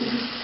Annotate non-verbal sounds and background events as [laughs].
Mm-hmm. [laughs]